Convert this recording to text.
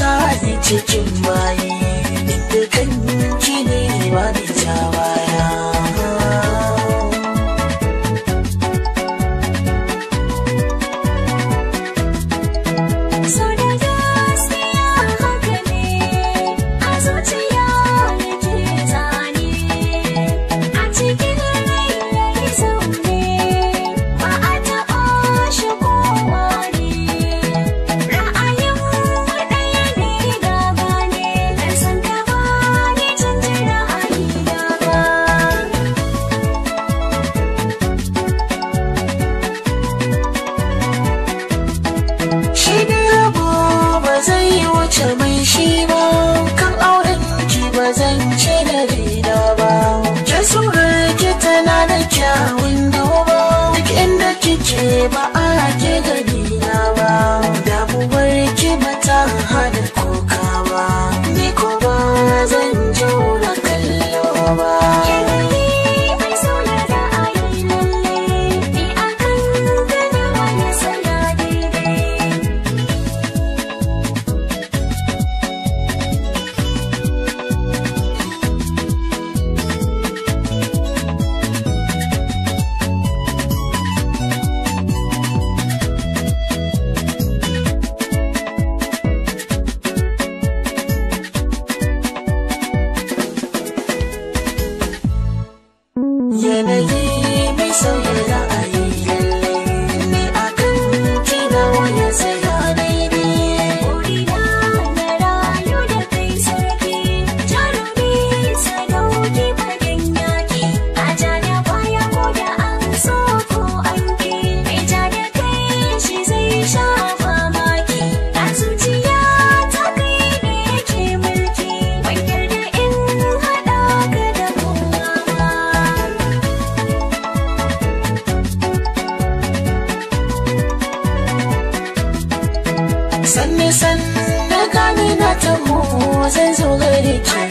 sa ni cikin bayi sense already changed.